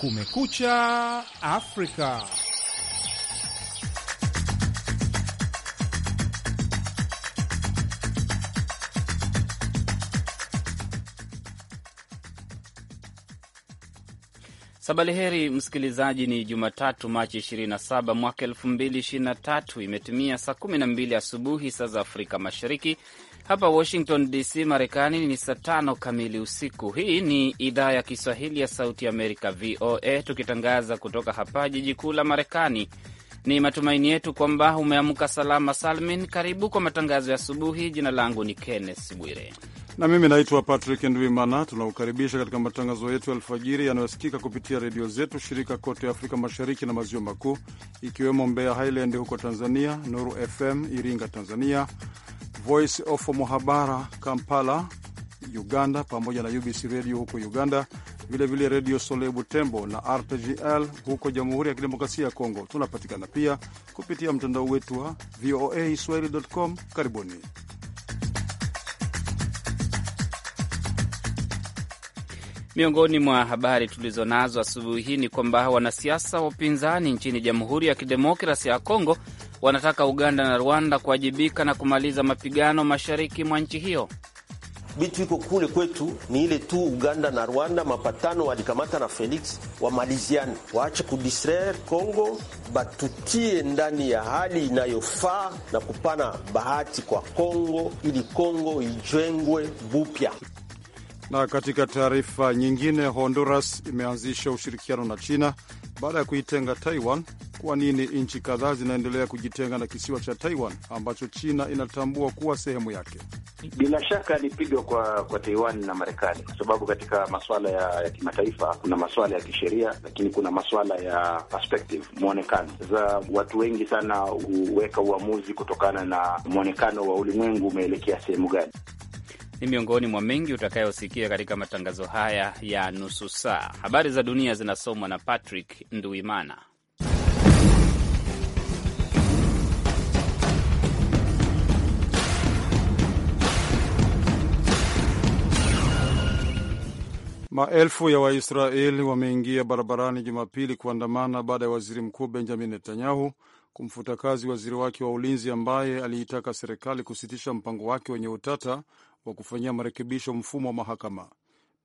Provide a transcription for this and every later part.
Kumekucha Afrika. Sabali heri msikilizaji, ni Jumatatu, Machi 27 mwaka 2023. Imetimia saa 12 asubuhi saa za Afrika Mashariki, hapa Washington DC, Marekani ni saa tano kamili usiku. Hii ni idhaa ya Kiswahili ya Sauti ya Amerika, VOA, tukitangaza kutoka hapa jiji kuu la Marekani. Ni matumaini yetu kwamba umeamka salama salmin. Karibu kwa matangazo ya asubuhi. Jina langu ni Kenneth Bwire na mimi naitwa Patrick Ndwimana. Tunakukaribisha katika matangazo yetu ya alfajiri yanayosikika kupitia redio zetu shirika kote Afrika Mashariki na Maziwa Makuu, ikiwemo Mbeya Highland huko Tanzania, Nuru FM Iringa Tanzania, Voice of Muhabara Kampala, Uganda, pamoja na UBC Radio huko Uganda, vilevile Redio Sole Butembo na RTGL huko Jamhuri ya Kidemokrasia ya Kongo. Tunapatikana pia kupitia mtandao wetu wa VOA Swahili.com. Karibuni. Miongoni mwa habari tulizonazo asubuhi hii ni kwamba wanasiasa wa upinzani nchini Jamhuri ya Kidemokrasia ya Kongo wanataka Uganda na Rwanda kuwajibika na kumaliza mapigano mashariki mwa nchi hiyo. vitu iko kule kwetu ni ile tu Uganda na Rwanda mapatano walikamata na Felix, wamaliziane, waache kudistraire Congo, batutie ndani ya hali inayofaa na kupana bahati kwa Congo ili Congo ijengwe bupya. Na katika taarifa nyingine, Honduras imeanzisha ushirikiano na China baada ya kuitenga Taiwan kwa nini nchi kadhaa zinaendelea kujitenga na kisiwa cha Taiwan ambacho China inatambua kuwa sehemu yake. Bila shaka ni pigo kwa kwa Taiwan na Marekani, kwa sababu katika masuala ya, ya kimataifa kuna masuala ya kisheria, lakini kuna masuala ya perspective, mwonekano. Sasa watu wengi sana huweka uamuzi kutokana na mwonekano wa ulimwengu umeelekea sehemu gani. Ni miongoni mwa mengi utakayosikia katika matangazo haya ya nusu saa. Habari za dunia zinasomwa na Patrick Nduimana. Maelfu ya Waisraeli wameingia barabarani Jumapili kuandamana baada ya waziri mkuu Benjamin Netanyahu kumfuta kazi waziri wake wa ulinzi ambaye aliitaka serikali kusitisha mpango wake wenye utata wa kufanyia marekebisho mfumo wa mahakama.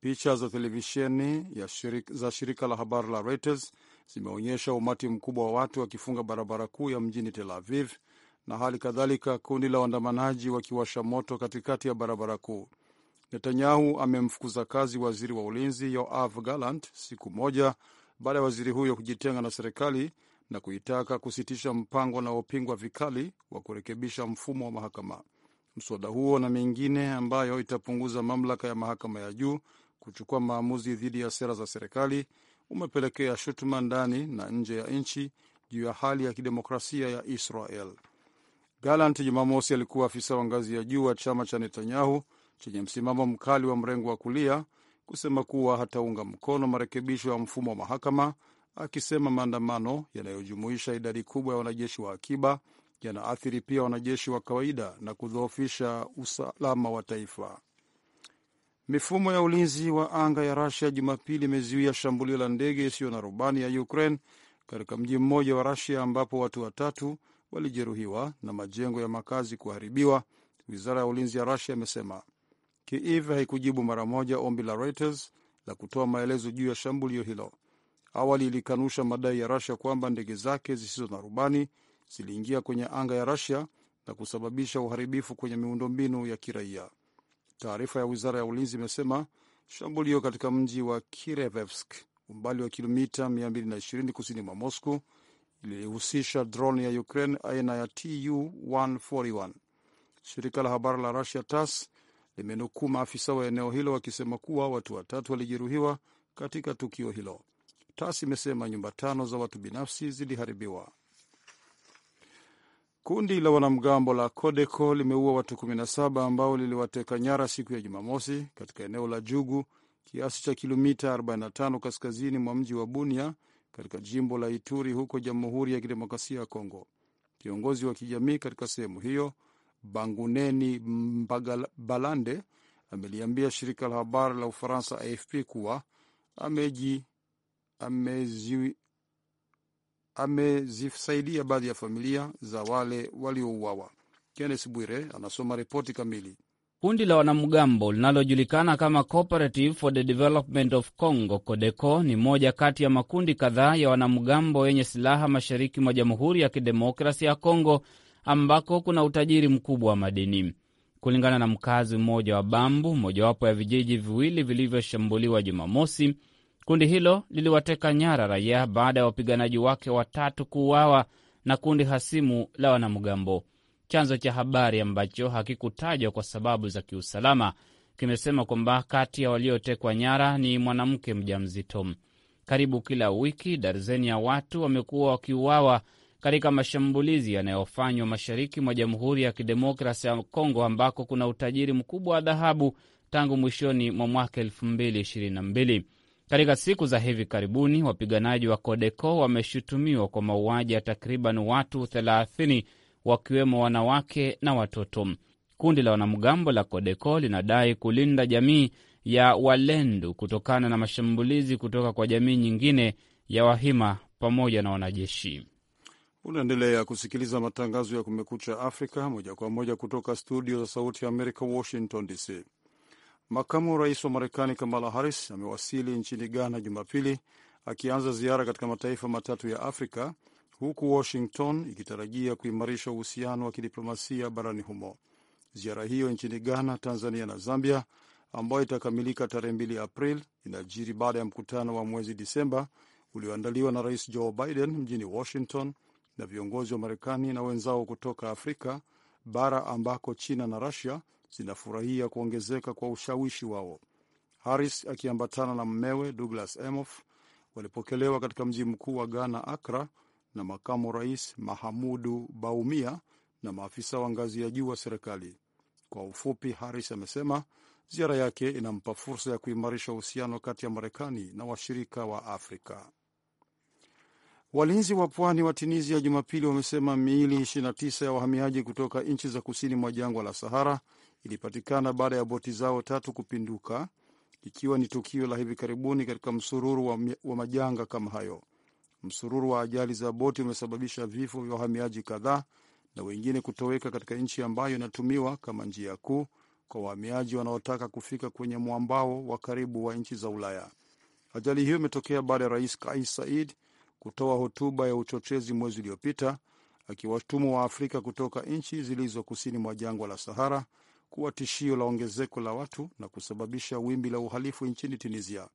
Picha za televisheni shirik, za shirika la habari la Reuters zimeonyesha umati mkubwa wa watu wakifunga barabara kuu ya mjini Tel Aviv na hali kadhalika, kundi la waandamanaji wakiwasha moto katikati ya barabara kuu. Netanyahu amemfukuza kazi waziri wa ulinzi Yoav Gallant siku moja baada ya waziri huyo kujitenga na serikali na kuitaka kusitisha mpango unaopingwa vikali wa kurekebisha mfumo wa mahakama. Mswada huo na mengine ambayo itapunguza mamlaka ya mahakama ya juu kuchukua maamuzi dhidi ya sera za serikali umepelekea shutuma ndani na nje ya nchi juu ya hali ya kidemokrasia ya Israel. Galant Jumamosi alikuwa afisa wa ngazi ya juu wa chama cha Netanyahu chenye msimamo mkali wa mrengo wa kulia kusema kuwa hataunga mkono marekebisho ya mfumo wa mahakama, akisema maandamano yanayojumuisha idadi kubwa ya wanajeshi wa akiba yanaathiri pia wanajeshi wa kawaida na kudhoofisha usalama wa taifa. Mifumo ya ulinzi wa anga ya Rusia Jumapili imezuia shambulio la ndege isiyo na rubani ya Ukraine katika mji mmoja wa Rusia ambapo watu watatu walijeruhiwa na majengo ya makazi kuharibiwa, wizara ya ulinzi ya Rusia imesema. Kiev haikujibu mara moja ombi la Reuters la kutoa maelezo juu ya shambulio hilo. Awali ilikanusha madai ya rasia kwamba ndege zake zisizo na rubani ziliingia kwenye anga ya rasia na kusababisha uharibifu kwenye miundombinu ya kiraia. Taarifa ya wizara ya ulinzi imesema shambulio katika mji wa Kirevevsk, umbali wa kilomita 220 kusini mwa Moscow, ilihusisha drone ya Ukraine aina ya tu 141. Shirika la habari la rusia TASS limenukuu maafisa wa eneo hilo wakisema kuwa watu watatu walijeruhiwa katika tukio hilo. TAS imesema nyumba tano za watu binafsi ziliharibiwa. Kundi la wanamgambo la Codeco limeua watu 17 ambao liliwateka nyara siku ya Jumamosi katika eneo la Jugu, kiasi cha kilomita 45 kaskazini mwa mji wa Bunia katika jimbo la Ituri huko Jamhuri ya Kidemokrasia ya Kongo. Kiongozi wa kijamii katika sehemu hiyo Banguneni Mbabalande ameliambia shirika la habari la Ufaransa AFP kuwa ameji amezi amezisaidia baadhi ya familia za wale waliouawa. Kennes Bwire anasoma ripoti kamili. Kundi la wanamgambo linalojulikana kama Cooperative for the Development of Congo, CODECO, ni moja kati ya makundi kadhaa ya wanamgambo yenye silaha mashariki mwa Jamhuri ya Kidemokrasi ya congo ambako kuna utajiri mkubwa wa madini. Kulingana na mkazi mmoja wa Bambu, mojawapo ya vijiji viwili vilivyoshambuliwa Jumamosi, kundi hilo liliwateka nyara raia baada ya wapiganaji wake watatu kuuawa na kundi hasimu la wanamgambo. Chanzo cha habari ambacho hakikutajwa kwa sababu za kiusalama kimesema kwamba kati ya waliotekwa nyara ni mwanamke mjamzito. Karibu kila wiki darzeni ya watu wamekuwa wakiuawa katika mashambulizi yanayofanywa mashariki mwa Jamhuri ya Kidemokrasi ya Kongo ambako kuna utajiri mkubwa wa dhahabu tangu mwishoni mwa mwaka 2022. Katika siku za hivi karibuni, wapiganaji wa Kodeko wameshutumiwa kwa mauaji ya takriban watu 30 wakiwemo wanawake na watoto. Kundi la wanamgambo la Kodeko linadai kulinda jamii ya Walendu kutokana na mashambulizi kutoka kwa jamii nyingine ya Wahima pamoja na wanajeshi. Unaendelea kusikiliza matangazo ya Kumekucha Afrika moja kwa moja kutoka studio za Sauti ya Amerika, Washington DC. Makamu rais wa Marekani Kamala Harris amewasili nchini Ghana Jumapili, akianza ziara katika mataifa matatu ya Afrika, huku Washington ikitarajia kuimarisha uhusiano wa kidiplomasia barani humo. Ziara hiyo nchini Ghana, Tanzania na Zambia, ambayo itakamilika tarehe 2 April, inajiri baada ya mkutano wa mwezi Disemba ulioandaliwa na Rais Joe Biden mjini Washington na viongozi wa Marekani na wenzao kutoka Afrika, bara ambako China na Rusia zinafurahia kuongezeka kwa ushawishi wao. Harris akiambatana na mmewe Douglas Emhoff walipokelewa katika mji mkuu wa Ghana, Accra, na makamu rais Mahamudu Baumia na maafisa wa ngazi ya juu wa serikali. Kwa ufupi, Harris amesema ziara yake inampa fursa ya kuimarisha uhusiano kati ya Marekani na washirika wa Afrika. Walinzi wa pwani wa Tunisia Jumapili wamesema miili 29 ya wahamiaji kutoka nchi za kusini mwa jangwa la Sahara ilipatikana baada ya boti zao tatu kupinduka, ikiwa ni tukio la hivi karibuni katika msururu wa, wa majanga kama hayo. Msururu wa ajali za boti umesababisha vifo vya wahamiaji kadhaa na wengine kutoweka katika nchi ambayo inatumiwa kama njia kuu kwa wahamiaji wanaotaka kufika kwenye mwambao wa karibu wa nchi za Ulaya. Ajali hiyo imetokea baada ya rais Kais Said kutoa hotuba ya uchochezi mwezi uliopita akiwashtumu afrika kutoka nchi zilizo kusini mwa jangwa la Sahara kuwa tishio la ongezeko la watu na kusababisha wimbi la uhalifu nchini Tunisia.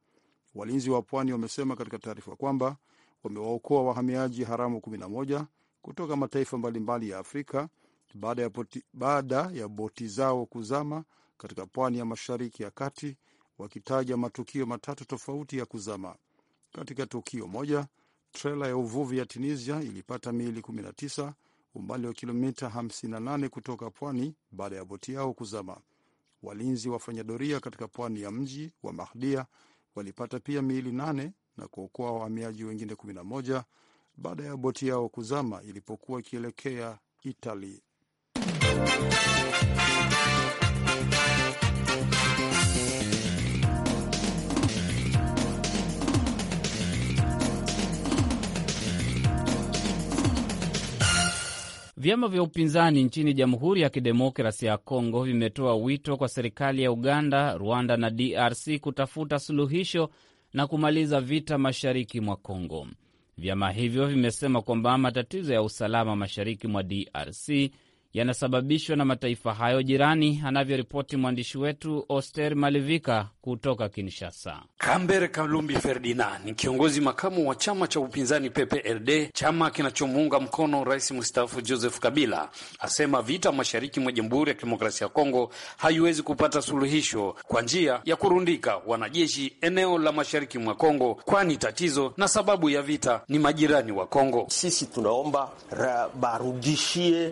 Walinzi wa pwani wamesema katika taarifa kwamba wamewaokoa wahamiaji haramu 11 kutoka mataifa mbalimbali ya Afrika baada ya, poti, baada ya boti zao kuzama katika pwani ya mashariki ya kati, wakitaja matukio matatu tofauti ya kuzama. Katika tukio moja, trela ya uvuvi ya Tunisia ilipata miili 19 umbali wa kilomita 58 kutoka pwani baada ya boti yao kuzama. Walinzi wafanya doria katika pwani ya mji wa Mahdia walipata pia miili 8 na kuokoa wahamiaji wengine 11 baada ya boti yao kuzama ilipokuwa ikielekea Itali. Vyama vya upinzani nchini Jamhuri ya Kidemokrasi ya Kongo vimetoa wito kwa serikali ya Uganda, Rwanda na DRC kutafuta suluhisho na kumaliza vita mashariki mwa Kongo. Vyama hivyo vimesema kwamba matatizo ya usalama mashariki mwa DRC yanasababishwa na mataifa hayo jirani, anavyoripoti mwandishi wetu Oster Malivika kutoka Kinshasa. Kambere Kalumbi Ferdinand ni kiongozi makamu wa chama cha upinzani PPRD, chama kinachomuunga mkono rais mstaafu Joseph Kabila, asema vita mashariki mwa Jamhuri ya Kidemokrasia ya Kongo haiwezi kupata suluhisho kwa njia ya kurundika wanajeshi eneo la mashariki mwa Kongo, kwani tatizo na sababu ya vita ni majirani wa Kongo. Sisi tunaomba barudishie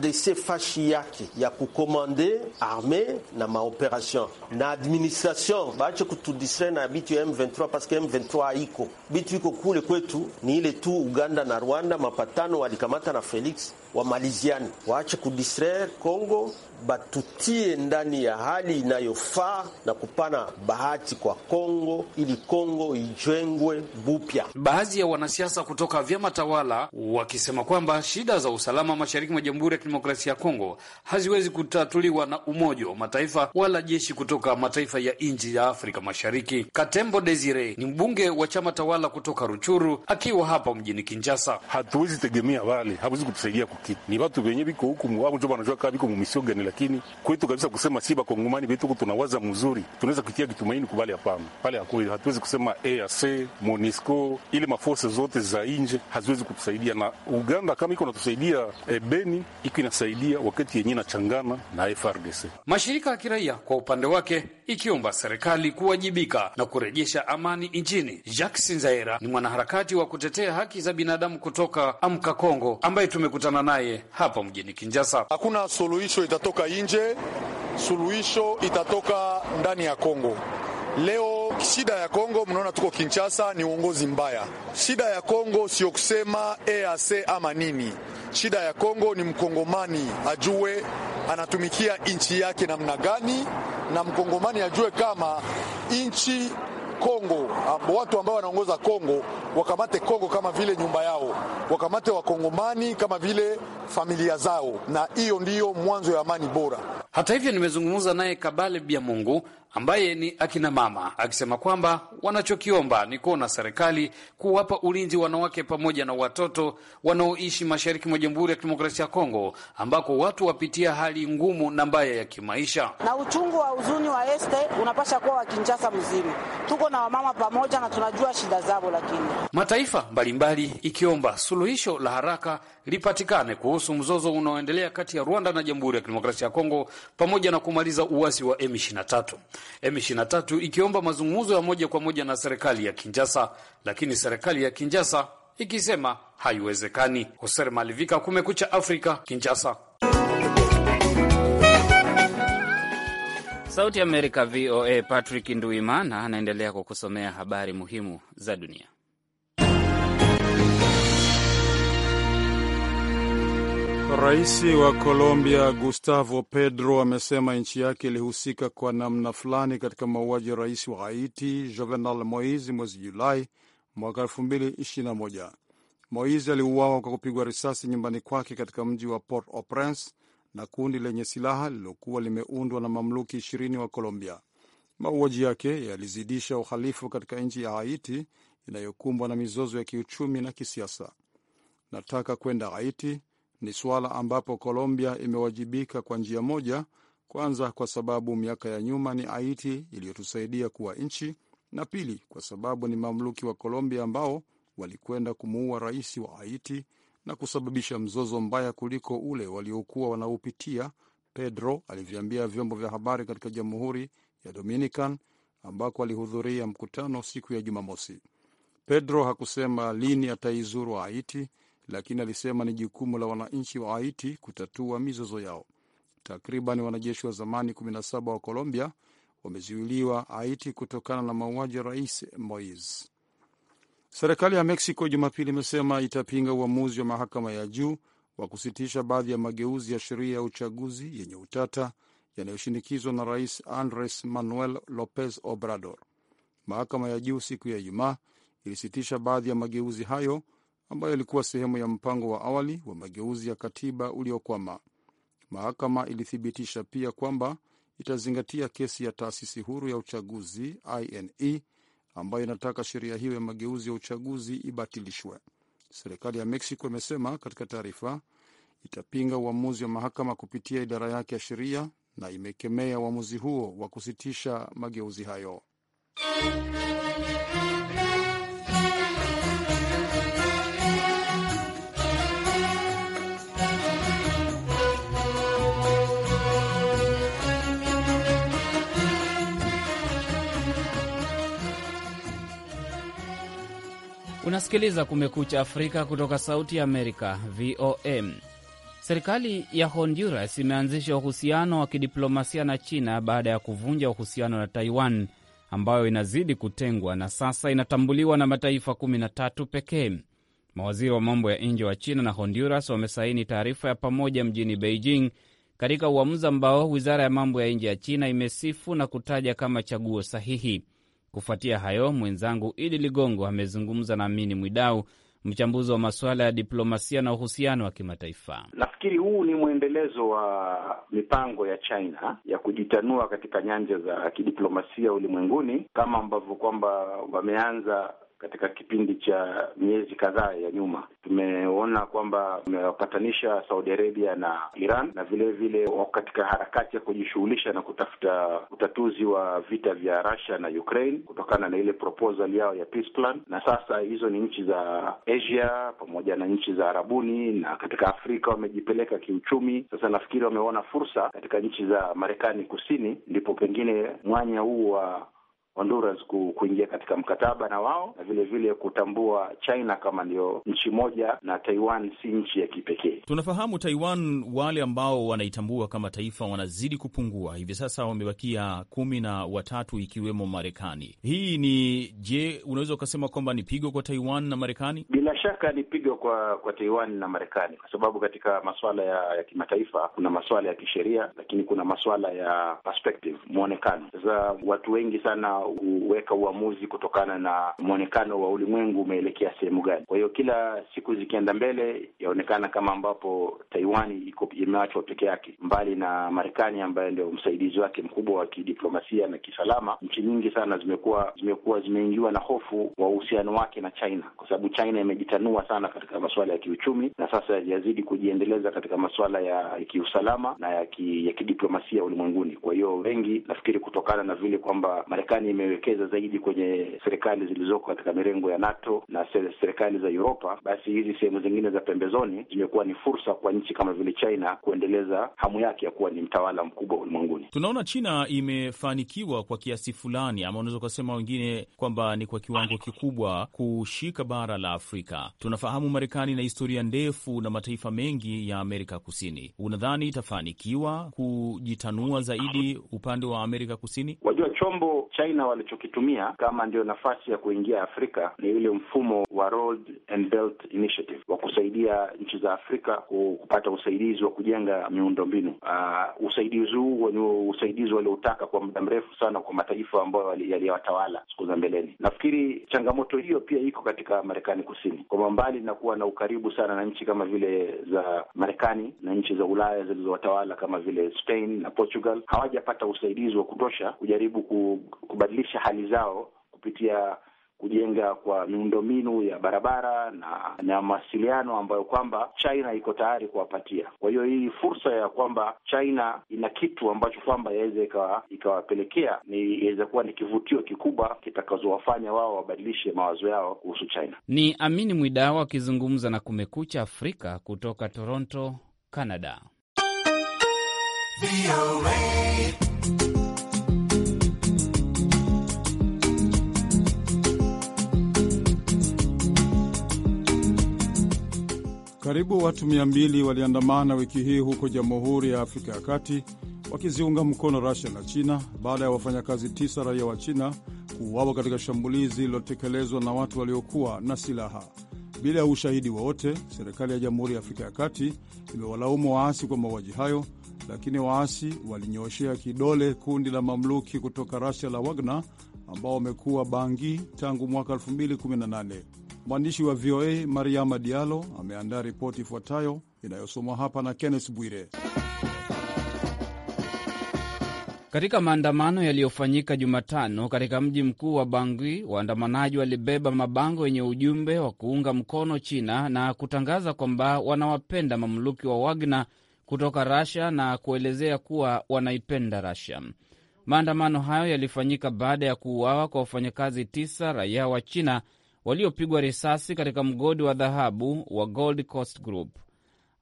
RDC fashi yake ya kukomande arme na maoperation na administration, baache kutudistre na bitu ya M23 parce que M23 haiko bitu iko kule kwetu, ni ile tu Uganda na Rwanda mapatano walikamata na Félix. wamaliziane, waache kudistraire Kongo, batutie ndani ya hali inayofaa na kupana bahati kwa Kongo ili Kongo ijengwe bupya. Baadhi ya wanasiasa kutoka vyama tawala wakisema kwamba shida za usalama mashariki mwa Jamhuri ya Kidemokrasia ya Kongo haziwezi kutatuliwa na Umoja wa Mataifa wala jeshi kutoka mataifa ya nchi ya Afrika Mashariki. Katembo Desire ni mbunge wa chama tawala kutoka Ruchuru, akiwa hapa mjini Kinshasa. hatuwezi tegemea wale, hawezi kutusaidia kitu. Ni watu wenye biko huku mwao ndio wanajua kama biko mmisio gani, lakini kwetu kabisa kusema si bako ngumani huko tunawaza mzuri. Tunaweza kutia kitumaini kubali hapana. Pale hakuna hatuwezi kusema EAC, MONUSCO ili maforce zote za nje haziwezi kutusaidia na Uganda kama iko natusaidia e, eh, Beni iko inasaidia wakati yenyewe inachangana na FRDC. Mashirika ya kiraia kwa upande wake ikiomba serikali kuwajibika na kurejesha amani nchini. Jacques Sinzaira ni mwanaharakati wa kutetea haki za binadamu kutoka Amka Kongo ambaye tumekutana naye hapa mjini kinjasa Hakuna suluhisho itatoka nje, suluhisho itatoka ndani ya Kongo. Leo shida ya Kongo mnaona tuko Kinshasa ni uongozi mbaya. Shida ya Kongo sio kusema EAC ama nini. Shida ya Kongo ni mkongomani ajue anatumikia nchi yake namna gani, na mkongomani ajue kama nchi Kongo, watu ambao wanaongoza Kongo wakamate Kongo kama vile nyumba yao, wakamate wakongomani kama vile familia zao, na hiyo ndiyo mwanzo ya amani bora. Hata hivyo, nimezungumza naye Kabale Bia Mungu ambaye ni akina mama, akisema kwamba wanachokiomba ni kuona serikali kuwapa ulinzi wanawake pamoja na watoto wanaoishi mashariki mwa Jamhuri ya Kidemokrasia ya Kongo, ambako watu wapitia hali ngumu na mbaya ya kimaisha. Na uchungu wa huzuni wa este unapasha kuwa wa Kinshasa mzima, tuko na wamama pamoja na tunajua shida zao, lakini mataifa mbalimbali ikiomba suluhisho la haraka lipatikane kuhusu mzozo unaoendelea kati ya Rwanda na Jamhuri ya Kidemokrasia ya Kongo pamoja na kumaliza uasi wa M23. M23 ikiomba mazungumzo ya moja kwa moja na serikali ya Kinjasa, lakini serikali ya kinjasa ikisema haiwezekani. Hoser Malivika, Kumekucha Afrika, Kinjasa. Sauti ya Amerika, VOA. Patrick Nduimana anaendelea kukusomea habari muhimu za dunia. Rais wa Colombia Gustavo pedro amesema nchi yake ilihusika kwa namna fulani katika mauaji ya rais wa Haiti jovenal Moise mwezi Julai mwaka 2021. Moise aliuawa kwa kupigwa risasi nyumbani kwake katika mji wa Port au Prince na kundi lenye silaha lililokuwa limeundwa na mamluki 20 wa Colombia. Mauaji yake yalizidisha uhalifu katika nchi ya Haiti inayokumbwa na mizozo ya kiuchumi na kisiasa. Nataka kwenda Haiti ni suala ambapo Colombia imewajibika kwa njia moja, kwanza kwa sababu miaka ya nyuma ni Haiti iliyotusaidia kuwa nchi, na pili kwa sababu ni mamluki wa Colombia ambao walikwenda kumuua rais wa Haiti na kusababisha mzozo mbaya kuliko ule waliokuwa wanaupitia, Pedro alivyoambia vyombo vya habari katika Jamhuri ya Dominican ambako alihudhuria mkutano siku ya Jumamosi. Pedro hakusema lini ataizuru Haiti lakini alisema ni jukumu la wananchi wa Haiti kutatua mizozo yao. Takriban wanajeshi wa zamani 17 wa Colombia wamezuiliwa Haiti kutokana na mauaji ya Rais Moise. Serikali ya Mexico Jumapili imesema itapinga uamuzi wa mahakama ya juu wa kusitisha baadhi ya mageuzi ya sheria ya uchaguzi yenye utata yanayoshinikizwa na Rais Andres Manuel Lopez Obrador. Mahakama ya juu siku ya Ijumaa ilisitisha baadhi ya mageuzi hayo ambayo ilikuwa sehemu ya mpango wa awali wa mageuzi ya katiba uliokwama. Mahakama ilithibitisha pia kwamba itazingatia kesi ya taasisi huru ya uchaguzi INE ambayo inataka sheria hiyo ya mageuzi ya uchaguzi ibatilishwe. Serikali ya Mexico imesema katika taarifa itapinga uamuzi wa mahakama kupitia idara yake ya sheria na imekemea uamuzi huo wa kusitisha mageuzi hayo. Unasikiliza Kumekucha Afrika kutoka Sauti ya Amerika, VOM. Serikali ya Honduras imeanzisha uhusiano wa kidiplomasia na China baada ya kuvunja uhusiano na Taiwan ambayo inazidi kutengwa na sasa inatambuliwa na mataifa 13 pekee. Mawaziri wa mambo ya nje wa China na Honduras wamesaini taarifa ya pamoja mjini Beijing, katika uamuzi ambao wizara ya mambo ya nje ya China imesifu na kutaja kama chaguo sahihi. Kufuatia hayo, mwenzangu Idi Ligongo amezungumza na Amini Mwidau, mchambuzi wa masuala ya diplomasia na uhusiano wa kimataifa. Nafikiri huu ni mwendelezo wa mipango ya China ya kujitanua katika nyanja za kidiplomasia ulimwenguni, kama ambavyo kwamba wameanza katika kipindi cha miezi kadhaa ya nyuma. Tumeona kwamba umewapatanisha Saudi Arabia na Iran na vilevile wako katika harakati ya kujishughulisha na kutafuta utatuzi wa vita vya Russia na Ukraine kutokana na ile proposal yao ya peace plan, na sasa hizo ni nchi za Asia pamoja na nchi za Arabuni na katika Afrika wamejipeleka kiuchumi. Sasa nafikiri wameona fursa katika nchi za Marekani Kusini, ndipo pengine mwanya huu wa Honduras kuingia katika mkataba na wao na vile vile kutambua China kama ndio nchi moja na Taiwan si nchi ya kipekee. Tunafahamu Taiwan, wale ambao wanaitambua kama taifa wanazidi kupungua, hivi sasa wamebakia kumi na watatu ikiwemo Marekani. Hii ni je, unaweza ukasema kwamba ni pigo kwa Taiwan na Marekani? Bila shaka ni pigo kwa kwa Taiwan na Marekani kwa sababu katika masuala ya, ya kimataifa kuna masuala ya kisheria, lakini kuna masuala ya perspective, mwonekano. Sasa watu wengi sana huweka uamuzi kutokana na mwonekano wa ulimwengu umeelekea sehemu gani. Kwa hiyo kila siku zikienda mbele, yaonekana kama ambapo Taiwani iko imeachwa peke yake, mbali na Marekani ambaye ndio msaidizi wake mkubwa wa kidiplomasia na kisalama. Nchi nyingi sana zimekuwa zimekuwa zimeingiwa na hofu wa uhusiano wake na China, kwa sababu China imejitanua sana katika masuala ya kiuchumi na sasa yazidi kujiendeleza katika masuala ya kiusalama na ya kidiplomasia ulimwenguni. Kwa hiyo wengi nafikiri kutokana na vile kwamba Marekani imewekeza zaidi kwenye serikali zilizoko katika mirengo ya NATO na serikali za Uropa, basi hizi sehemu zingine za pembezoni zimekuwa ni fursa kwa nchi kama vile China kuendeleza hamu yake ya kuwa ni mtawala mkubwa ulimwenguni. Tunaona China imefanikiwa kwa kiasi fulani, ama unaweza ukasema wengine kwamba ni kwa kiwango kikubwa kushika bara la Afrika. Tunafahamu Marekani na historia ndefu na mataifa mengi ya Amerika Kusini. Unadhani itafanikiwa kujitanua zaidi upande wa Amerika Kusini? Wajua chombo China China walichokitumia kama ndio nafasi ya kuingia Afrika ni ule mfumo wa Road and Belt Initiative wa kusaidia nchi za Afrika kupata usaidizi wa kujenga mbinu. Uh, ah, usaidizi huu ni usaidizi waliotaka kwa muda mrefu sana kwa mataifa ambayo yaliyowatawala siku za mbeleni. Nafikiri changamoto hiyo pia iko katika Marekani Kusini, kwamba mbali na kuwa na ukaribu sana na nchi kama vile za Marekani na nchi za Ulaya zilizowatawala kama vile Spain na Portugal, hawajapata usaidizi wa kutosha kujaribu ku, kubadilisha hali zao kupitia kujenga kwa miundombinu ya barabara na na mawasiliano ambayo kwamba China iko tayari kuwapatia. Kwa hiyo hii fursa ya kwamba China ina kitu ambacho kwamba yaweza ikawapelekea ni iweza kuwa ni kivutio kikubwa kitakazowafanya wao wabadilishe mawazo yao kuhusu China. Ni Amini mwidao akizungumza na Kumekucha Afrika kutoka Toronto, Canada. Karibu watu 200 waliandamana wiki hii huko Jamhuri ya Afrika ya Kati wakiziunga mkono Rusia na China baada ya wafanyakazi tisa raia wa China kuuawa katika shambulizi lililotekelezwa na watu waliokuwa na silaha. Bila ya ushahidi wowote, serikali ya Jamhuri ya Afrika ya Kati imewalaumu waasi kwa mauaji hayo, lakini waasi walinyooshea kidole kundi la mamluki kutoka Rusia la Wagner ambao wamekuwa Bangi tangu mwaka 2018. Mwandishi wa VOA Mariama Diallo ameandaa ripoti ifuatayo inayosomwa hapa na Kenneth Bwire. Katika maandamano yaliyofanyika Jumatano katika mji mkuu wa Bangui, waandamanaji walibeba mabango yenye ujumbe wa kuunga mkono China na kutangaza kwamba wanawapenda mamluki wa Wagner kutoka Rasia na kuelezea kuwa wanaipenda rasia Maandamano hayo yalifanyika baada ya kuuawa kwa wafanyakazi tisa raia wa China waliopigwa risasi katika mgodi wa dhahabu wa Gold Coast Group.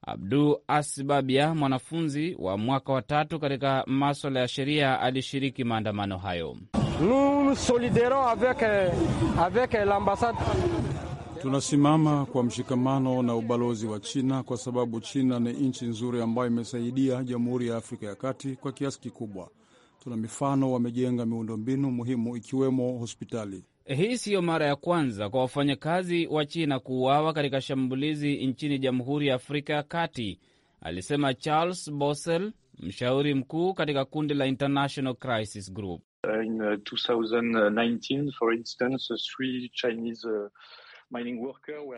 Abdu Asbabia, mwanafunzi wa mwaka wa tatu katika maswala ya sheria, alishiriki maandamano hayo. Tunasimama kwa mshikamano na ubalozi wa China kwa sababu China ni nchi nzuri ambayo imesaidia Jamhuri ya Afrika ya Kati kwa kiasi kikubwa. Tuna mifano, wamejenga miundombinu muhimu ikiwemo hospitali. Hii siyo mara ya kwanza kwa wafanyakazi wa China kuuawa katika shambulizi nchini Jamhuri ya Afrika ya Kati, alisema Charles Bossel, mshauri mkuu katika kundi la International Crisis Group. In 2019, uh, for instance, three Chinese uh,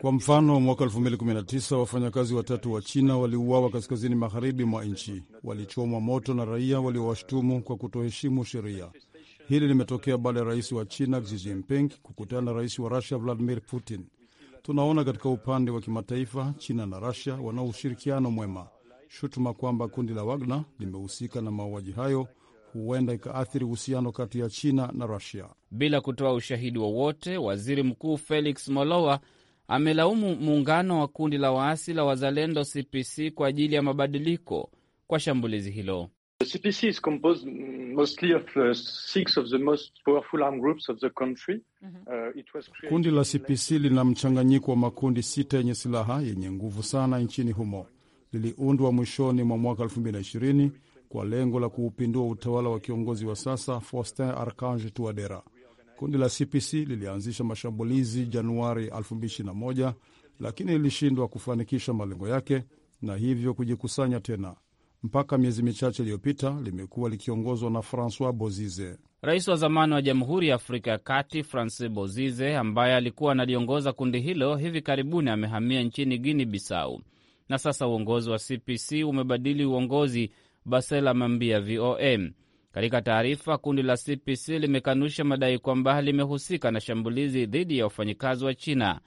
kwa mfano, mwaka 2019 wafanyakazi watatu wa China waliuawa kaskazini magharibi mwa nchi, walichomwa moto na raia waliowashtumu kwa kutoheshimu sheria. Hili limetokea baada ya rais wa China Xi Jinping kukutana na rais wa Rusia Vladimir Putin. Tunaona katika upande wa kimataifa, China na Rusia wana ushirikiano mwema. Shutuma kwamba kundi la Wagner limehusika na mauaji hayo huenda ikaathiri uhusiano kati ya China na Rusia. Bila kutoa ushahidi wowote wa waziri mkuu Felix Moloa amelaumu muungano wa kundi la waasi la wazalendo CPC kwa ajili ya mabadiliko kwa shambulizi hilo. Uh, mm-hmm. uh, kundi la CPC lina mchanganyiko wa makundi sita yenye silaha yenye nguvu sana nchini humo. Liliundwa mwishoni mwa mwaka kwa lengo la kuupindua utawala wa kiongozi wa sasa Faustin Archange Touadera. Kundi la CPC lilianzisha mashambulizi Januari 2021 lakini lilishindwa kufanikisha malengo yake na hivyo kujikusanya tena. Mpaka miezi michache iliyopita limekuwa likiongozwa na Francois Bozize. Rais wa zamani wa Jamhuri ya Afrika ya Kati Francois Bozize, ambaye alikuwa analiongoza kundi hilo, hivi karibuni amehamia nchini Guinea Bissau, na sasa uongozi wa CPC umebadili uongozi Basel ameambia VOA. Katika taarifa, kundi la CPC limekanusha madai kwamba limehusika na shambulizi dhidi ya wafanyikazi wa China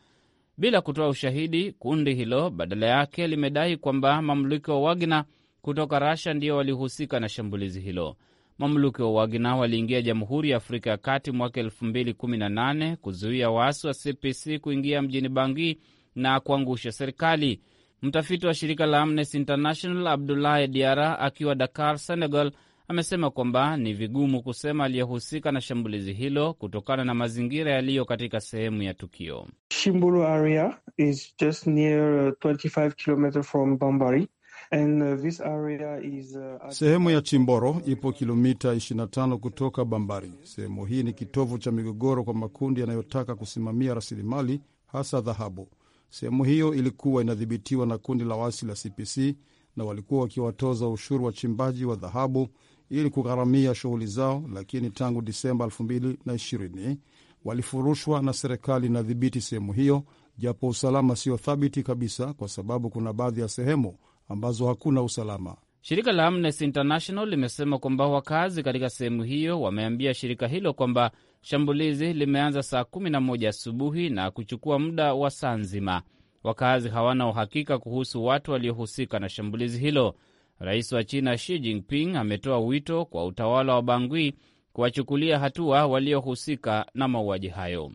bila kutoa ushahidi. Kundi hilo badala yake limedai kwamba mamluki wa Wagner kutoka Rasha ndio walihusika na shambulizi hilo. Mamluki wa Wagner waliingia Jamhuri ya Afrika ya Kati mwaka 2018 kuzuia waasi wa CPC kuingia mjini Bangi na kuangusha serikali. Mtafiti wa shirika la Amnesty International Abdulahi Diara akiwa Dakar, Senegal, amesema kwamba ni vigumu kusema aliyehusika na shambulizi hilo kutokana na mazingira yaliyo katika sehemu ya tukio. Shimbulu area is just near 25 uh, km from Bambari. And uh, this area is, uh, sehemu ya Chimboro ipo kilomita 25 kutoka Bambari. Sehemu hii ni kitovu cha migogoro kwa makundi yanayotaka kusimamia rasilimali hasa dhahabu. Sehemu hiyo ilikuwa inadhibitiwa na kundi la waasi la CPC na walikuwa wakiwatoza ushuru wachimbaji wa dhahabu ili kugharamia shughuli zao, lakini tangu Disemba 2020 walifurushwa na serikali inadhibiti sehemu hiyo, japo usalama sio thabiti kabisa, kwa sababu kuna baadhi ya sehemu ambazo hakuna usalama. Shirika la Amnesty International limesema kwamba wakazi katika sehemu hiyo wameambia shirika hilo kwamba shambulizi limeanza saa moja asubuhi na kuchukua muda wa saa nzima. Wakazi hawana uhakika kuhusu watu waliohusika na shambulizi hilo. Rais wa China Xi Jinping ametoa wito kwa utawala wa Bangui kuwachukulia hatua waliohusika na mauaji hayo.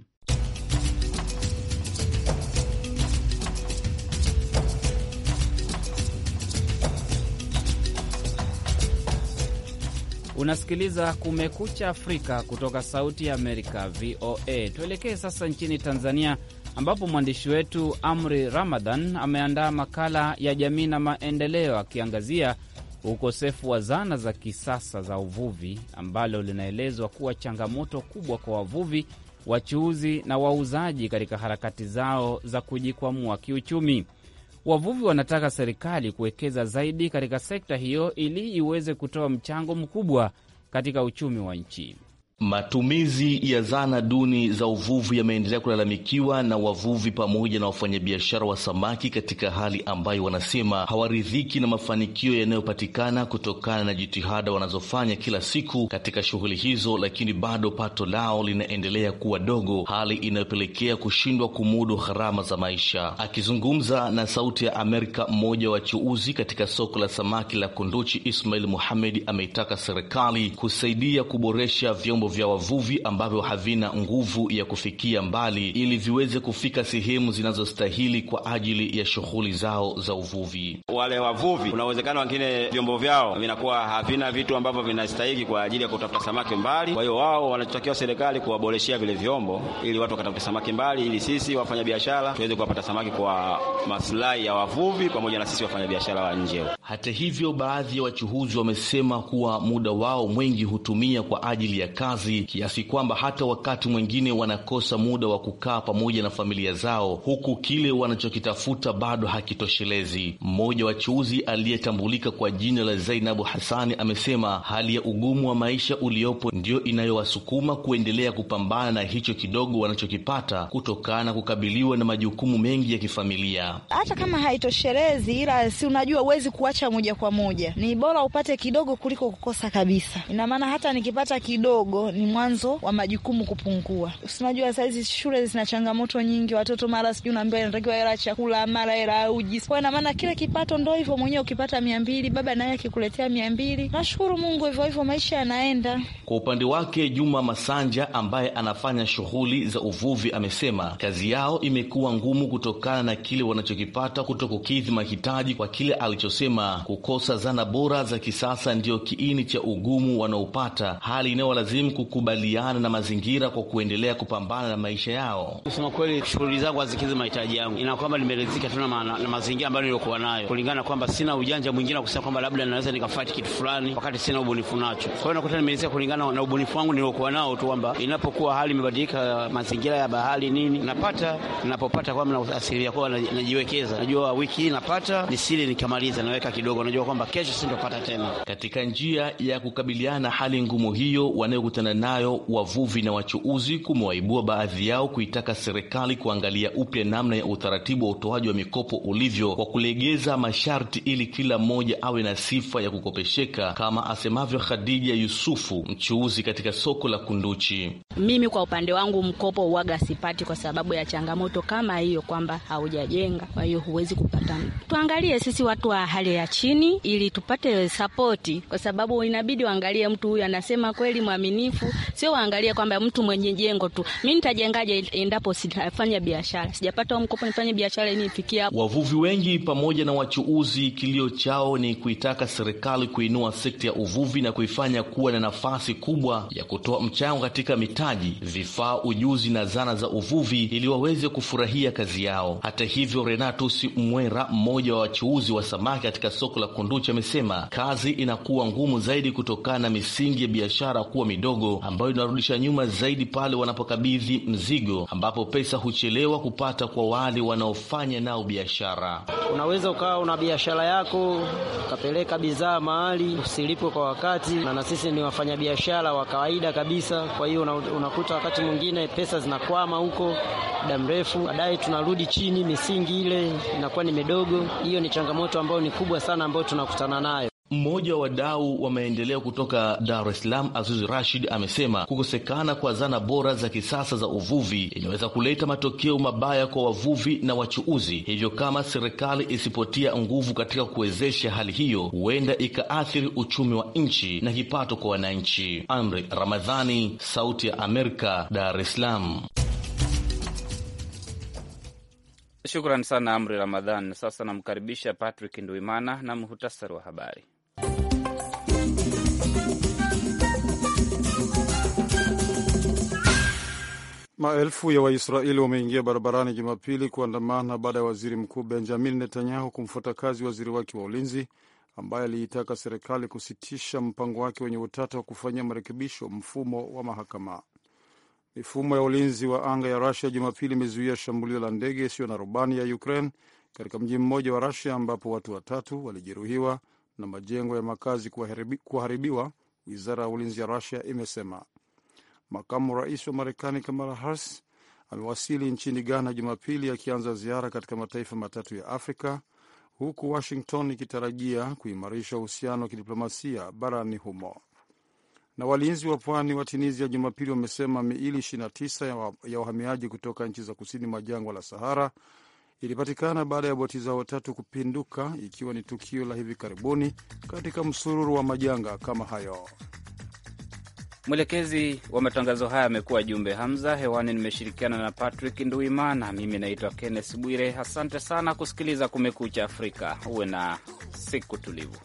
Unasikiliza Kumekucha Afrika kutoka Sauti ya Amerika, VOA. Tuelekee sasa nchini Tanzania, ambapo mwandishi wetu Amri Ramadhan ameandaa makala ya jamii na maendeleo, akiangazia ukosefu wa zana za kisasa za uvuvi ambalo linaelezwa kuwa changamoto kubwa kwa wavuvi, wachuuzi na wauzaji katika harakati zao za kujikwamua kiuchumi. Wavuvi wanataka serikali kuwekeza zaidi katika sekta hiyo ili iweze kutoa mchango mkubwa katika uchumi wa nchi. Matumizi ya zana duni za uvuvi yameendelea kulalamikiwa na wavuvi pamoja na wafanyabiashara wa samaki katika hali ambayo wanasema hawaridhiki na mafanikio yanayopatikana kutokana na jitihada wanazofanya kila siku katika shughuli hizo, lakini bado pato lao linaendelea kuwa dogo, hali inayopelekea kushindwa kumudu gharama za maisha. Akizungumza na Sauti ya Amerika, mmoja wa wachuuzi katika soko la samaki la Kunduchi, Ismail Muhamed, ameitaka serikali kusaidia kuboresha vyombo vya wavuvi ambavyo havina nguvu ya kufikia mbali ili viweze kufika sehemu zinazostahili kwa ajili ya shughuli zao za uvuvi. Wale wavuvi, kuna uwezekano wengine vyombo vyao vinakuwa havina vitu ambavyo vinastahili kwa ajili ya kutafuta samaki mbali. Kwa hiyo wao wanachotakiwa serikali kuwaboreshea vile vyombo ili watu wakatafute samaki mbali, ili sisi wafanyabiashara tuweze kuwapata samaki kwa maslahi ya wavuvi pamoja na sisi wafanyabiashara wa nje. Hata hivyo, baadhi ya wachuhuzi wamesema kuwa muda wao mwingi hutumia kwa ajili ya kazi wazi kiasi kwamba hata wakati mwingine wanakosa muda wa kukaa pamoja na familia zao, huku kile wanachokitafuta bado hakitoshelezi. Mmoja wa chuuzi aliyetambulika kwa jina la Zainabu Hasani amesema hali ya ugumu wa maisha uliopo ndiyo inayowasukuma kuendelea kupambana na hicho kidogo wanachokipata kutokana na kukabiliwa na majukumu mengi ya kifamilia. Hata kama haitoshelezi, ila si unajua, huwezi kuacha moja kwa moja, ni bora upate kidogo kuliko kukosa kabisa. Ina maana hata nikipata kidogo ni mwanzo wa majukumu kupungua. Unajua sahizi shule zina changamoto nyingi, watoto mara sijui unaambiwa inatakiwa hela chakula, mara hela uji, kwa ina maana kile kipato ndo hivyo mwenyewe, ukipata mia mbili baba naye akikuletea mia mbili Nashukuru Mungu hivyo hivyo maisha yanaenda. Kwa upande wake, Juma Masanja ambaye anafanya shughuli za uvuvi amesema kazi yao imekuwa ngumu kutokana na kile wanachokipata kutokukidhi mahitaji kwa kile alichosema kukosa zana bora za kisasa ndiyo kiini cha ugumu wanaopata, hali inayowalazimu kukubaliana na mazingira kwa kuendelea kupambana na maisha yao. Kusema kweli, shughuli zangu hazikizi mahitaji yangu, ina kwamba nimeridhika tu na, mazingira ambayo niliokuwa nayo, kulingana na kwamba sina ujanja mwingine wa kusema kwamba labda naweza nikafati kitu fulani wakati sina ubunifu nacho. Kwa hiyo nakuta nimeridhika kulingana na ubunifu wangu niliokuwa nao tu, kwamba inapokuwa hali imebadilika, mazingira ya bahari nini, napata napopata, kwamba asilimia kuwa najiwekeza, najua wiki hii napata nisili, nikamaliza naweka kidogo, najua kwamba kesho sintopata tena. Katika njia ya kukabiliana hali ngumu hiyo wanayokuta tunayokutana nayo, wavuvi na wachuuzi, kumewaibua baadhi yao kuitaka serikali kuangalia upya namna ya utaratibu wa utoaji wa mikopo ulivyo kwa kulegeza masharti ili kila mmoja awe na sifa ya kukopesheka, kama asemavyo Khadija Yusufu, mchuuzi katika soko la Kunduchi. Mimi kwa upande wangu mkopo uwaga sipati kwa sababu ya changamoto kama hiyo, kwamba haujajenga, kwa hiyo huwezi kupata. Tuangalie sisi watu wa hali ya chini, ili tupate sapoti, kwa sababu inabidi waangalie mtu huyu anasema kweli mwamini ubunifu, sio waangalie kwamba mtu mwenye jengo tu. Mimi nitajengaje endapo sitafanya biashara? Sijapata mkopo nifanye biashara ili nifikie hapo. Wavuvi wengi pamoja na wachuuzi, kilio chao ni kuitaka serikali kuinua sekta ya uvuvi na kuifanya kuwa na nafasi kubwa ya kutoa mchango katika mitaji, vifaa, ujuzi na zana za uvuvi ili waweze kufurahia kazi yao. Hata hivyo, Renatus Mwera, mmoja wa wachuuzi wa samaki katika soko la Kunduchi, amesema kazi inakuwa ngumu zaidi kutokana na misingi ya biashara kuwa midogo ndogo ambayo inarudisha nyuma zaidi pale wanapokabidhi mzigo, ambapo pesa huchelewa kupata kwa wale wanaofanya nao biashara. Unaweza ukawa una biashara yako ukapeleka bidhaa mahali usilipwe kwa wakati, na na sisi ni wafanyabiashara wa kawaida kabisa. Kwa hiyo unakuta wakati mwingine pesa zinakwama huko muda mrefu, baadaye tunarudi chini, misingi ile inakuwa ni midogo. Hiyo ni changamoto ambayo ni kubwa sana ambayo tunakutana nayo. Mmoja wa wadau wa maendeleo kutoka Dar es Salaam, Azizi Rashid, amesema kukosekana kwa zana bora za kisasa za uvuvi inaweza kuleta matokeo mabaya kwa wavuvi na wachuuzi. Hivyo kama serikali isipotia nguvu katika kuwezesha hali hiyo, huenda ikaathiri uchumi wa nchi na kipato kwa wananchi. Amri Ramadhani, Sauti ya Amerika, Dar es Salaam. Shukran sana Amri Ramadhan. Sasa namkaribisha Patrick nduimana na muhtasari wa habari. Maelfu ya Waisraeli wameingia barabarani Jumapili kuandamana baada ya waziri mkuu Benjamin Netanyahu kumfuta kazi waziri wake wa ulinzi ambaye aliitaka serikali kusitisha mpango wake wenye utata wa kufanyia marekebisho mfumo wa mahakama. Mifumo ya ulinzi wa anga ya Rusia Jumapili imezuia shambulio la ndege isiyo na rubani ya Ukraine katika mji mmoja wa Rusia ambapo watu watatu walijeruhiwa na majengo ya makazi kuharibiwa, wizara ya ulinzi ya Rusia imesema. Makamu rais wa Marekani Kamala Harris amewasili nchini Ghana Jumapili, akianza ziara katika mataifa matatu ya Afrika, huku Washington ikitarajia kuimarisha uhusiano wa kidiplomasia barani humo. Na walinzi wa pwani wa Tunisia Jumapili wamesema miili 29 ya wahamiaji kutoka nchi za kusini mwa jangwa la Sahara ilipatikana baada ya boti zao tatu kupinduka, ikiwa ni tukio la hivi karibuni katika msururu wa majanga kama hayo. Mwelekezi wa matangazo haya amekuwa Jumbe Hamza. Hewani nimeshirikiana na Patrick Nduimana. Mimi naitwa Kenneth Bwire. Asante sana kusikiliza Kumekucha Afrika. Uwe na siku tulivu.